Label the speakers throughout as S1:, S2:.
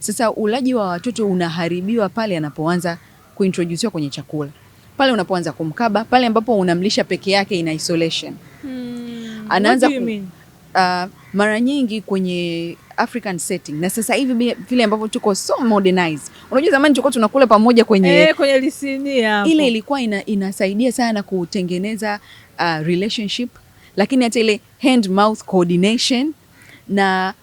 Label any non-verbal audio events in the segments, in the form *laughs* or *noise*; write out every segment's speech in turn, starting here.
S1: Sasa ulaji wa watoto unaharibiwa pale anapoanza kuintrodusiwa kwenye chakula, pale unapoanza kumkaba, pale ambapo unamlisha peke yake in isolation.
S2: Hmm, anaanza ku,
S1: uh, mara nyingi kwenye African setting na sasa hivi vile ambavyo tuko so modernized. Unajua zamani tulikuwa tunakula pamoja kwenye,
S2: eh, kwenye lisini hapo.
S1: Ile ilikuwa ina, inasaidia sana kutengeneza uh, relationship lakini hata ile hand mouth coordination na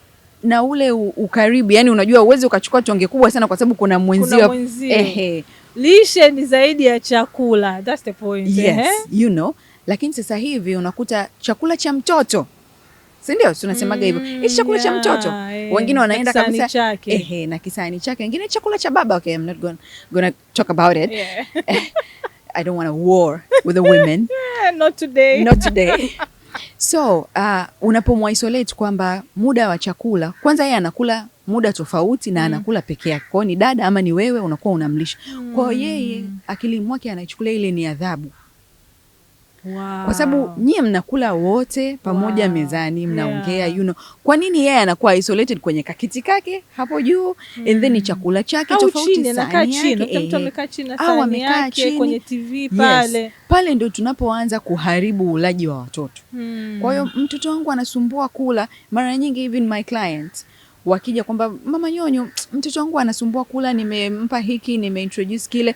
S1: na ule ukaribu, yani unajua uwezi ukachukua tonge kubwa sana kwa sababu kuna mwenzio. Ehe,
S2: lishe ni zaidi ya chakula, that's the point.
S1: Yes, you know, lakini sasa hivi unakuta chakula cha mtoto si ndio tunasemaga mm, hivyo mm, hichi chakula yeah, cha mtoto eh, wengine wanaenda
S2: kabisa
S1: ehe, na kisani chake, wengine chakula cha baba. Okay, I'm not gonna, gonna talk about it yeah. *laughs* I don't want a war with the women.
S2: Yeah, *laughs* not today.
S1: Not today. *laughs* So uh, unapomisolate kwamba muda wa chakula kwanza, yeye anakula muda tofauti na mm. anakula peke yake, kwao ni dada ama ni wewe unakuwa unamlisha. kwao mm. yeye akili mwake anachukulia ile ni adhabu kwa sababu nyie mnakula wote pamoja wow. mezani mnaongea yeah. you know. Kwa nini yeye anakuwa isolated kwenye kakiti kake hapo juu mm. and then mm. chakula chake tofauti au
S2: eh, eh. amekaa chini kwenye TV pale. Yes.
S1: Pale ndio tunapoanza kuharibu ulaji wa watoto mm. Kwa hiyo mtoto wangu anasumbua kula mara nyingi, even my client wakija kwamba mama Nyonyo, mtoto wangu anasumbua kula, nimempa hiki, nimeintroduce kile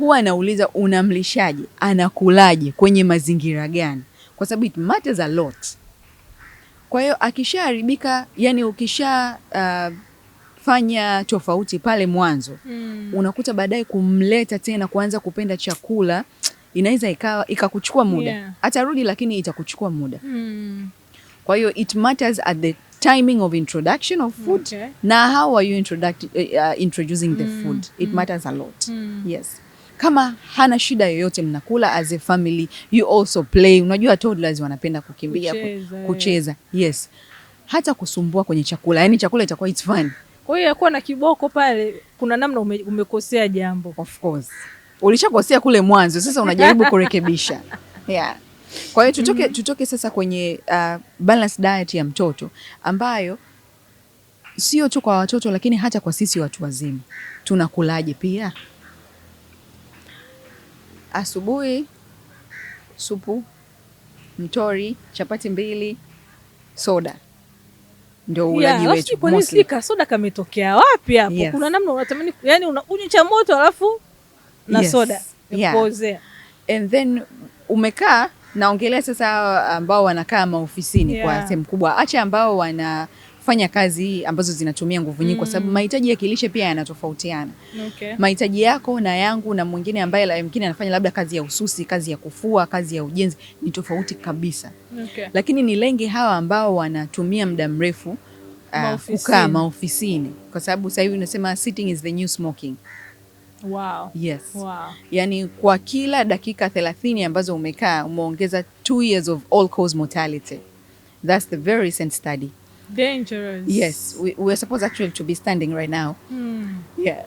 S1: huwa anauliza unamlishaje, anakulaje, kwenye mazingira gani, kwa sababu it matters a lot. Kwa hiyo akishaharibika, yani ukisha uh, fanya tofauti pale mwanzo mm. unakuta baadaye kumleta tena kuanza kupenda chakula inaweza ikawa ikakuchukua muda yeah. Atarudi lakini itakuchukua muda
S2: mm.
S1: Kwa hiyo it matters at the timing of introduction of food okay. na how are you introducing uh, introducing mm. the hmm. food it mm. matters a lot mm. yes kama hana shida yoyote, mnakula as a family, you also play. Unajua toddlers wanapenda kukimbia, kucheza, kucheza. Yes, hata kusumbua kwenye chakula, yani chakula itakuwa it's fun.
S2: Kwa hiyo yakuwa na kiboko pale, kuna namna ume, umekosea jambo,
S1: of course ulishakosea kule mwanzo, sasa unajaribu *laughs* kurekebisha yeah. Kwa hiyo tutoke, mm -hmm. tutoke sasa kwenye uh, balanced diet ya mtoto ambayo sio tu kwa watoto lakini hata kwa sisi watu wazima tunakulaje pia asubuhi supu, mtori, chapati mbili, soda ndio ulaji
S2: wetu. Kwa soda kametokea wapi hapo? Yes. Kuna namna unatamani yani unakunywa cha moto alafu na yes. soda
S1: yeah. And then umekaa naongelea sasa ambao wanakaa maofisini yeah. kwa sehemu kubwa, acha ambao wana kufanya kazi ambazo zinatumia nguvu nyingi, mm. kwa sababu mm. mahitaji ya kilishe pia yanatofautiana. Okay. Mahitaji yako na yangu na mwingine ambaye la mwingine anafanya labda kazi ya ususi, kazi ya kufua, kazi ya ujenzi ni tofauti kabisa. Okay. Lakini ni lengi hawa ambao wanatumia muda mrefu ah, kukaa uh, maofisini kwa sababu sasa hivi unasema sitting is the new smoking. Wow. Yes. Wow. Yaani kwa kila dakika 30 ambazo umekaa umeongeza 2 years of all cause mortality. That's the very recent study.
S2: Dangerous.
S1: Yes, we, we're supposed actually to be standing right now. Mm. Yeah.